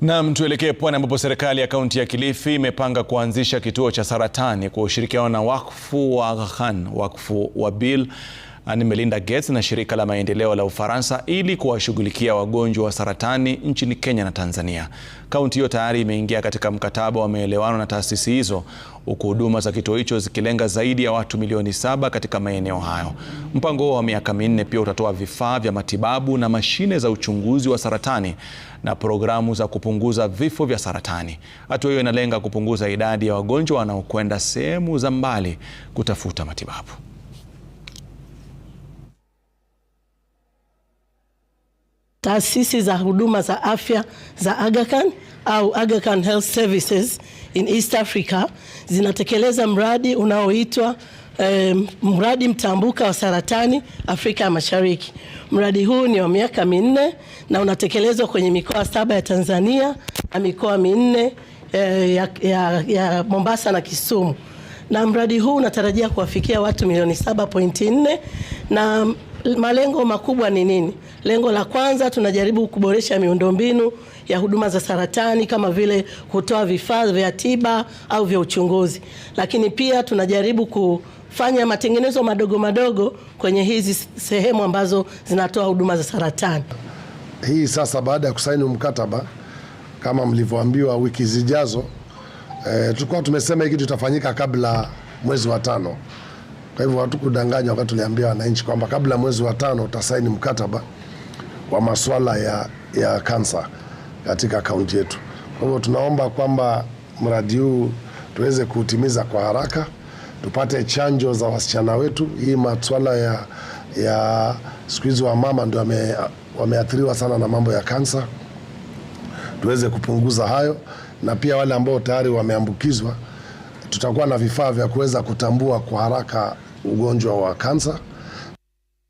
Naam, tuelekee pwani ambapo serikali ya kaunti ya Kilifi imepanga kuanzisha kituo cha saratani kwa ushirikiano na wakfu wa Agha Khan, wakfu wa bill ni Melinda Gates na shirika la maendeleo la Ufaransa ili kuwashughulikia wagonjwa wa saratani nchini Kenya na Tanzania. Kaunti hiyo tayari imeingia katika mkataba wa maelewano na taasisi hizo huku huduma za kituo hicho zikilenga zaidi ya watu milioni saba katika maeneo hayo. Mpango huo wa miaka minne pia utatoa vifaa vya matibabu na mashine za uchunguzi wa saratani na programu za kupunguza vifo vya saratani. Hatua hiyo inalenga kupunguza idadi ya wagonjwa wanaokwenda sehemu za mbali kutafuta matibabu. taasisi za huduma za afya za Aga Khan au Aga Khan Health Services in East Africa zinatekeleza mradi unaoitwa um, mradi mtambuka wa saratani Afrika ya Mashariki. Mradi huu ni wa miaka minne na unatekelezwa kwenye mikoa saba ya Tanzania na mikoa minne eh, ya, ya, ya Mombasa na Kisumu na mradi huu unatarajia kuwafikia watu milioni 7.4 na malengo makubwa ni nini? Lengo la kwanza, tunajaribu kuboresha miundombinu ya huduma za saratani kama vile kutoa vifaa vya tiba au vya uchunguzi, lakini pia tunajaribu ku fanya matengenezo madogo madogo kwenye hizi sehemu ambazo zinatoa huduma za saratani. Hii sasa baada ya kusaini mkataba kama mlivyoambiwa wiki zijazo, e, tulikuwa tumesema hiki kitafanyika kabla mwezi wa tano. Kwa hivyo hatukudanganywa wakati tuliambia wananchi kwamba kabla mwezi wa tano utasaini mkataba wa masuala ya, ya kansa katika kaunti yetu. Kwa hivyo tunaomba kwamba mradi huu tuweze kuutimiza kwa haraka, tupate chanjo za wasichana wetu. Hii masuala ya, ya siku hizi wa mama ndio wame, wameathiriwa sana na mambo ya kansa, tuweze kupunguza hayo, na pia wale ambao tayari wameambukizwa, tutakuwa na vifaa vya kuweza kutambua kwa haraka ugonjwa wa kansa.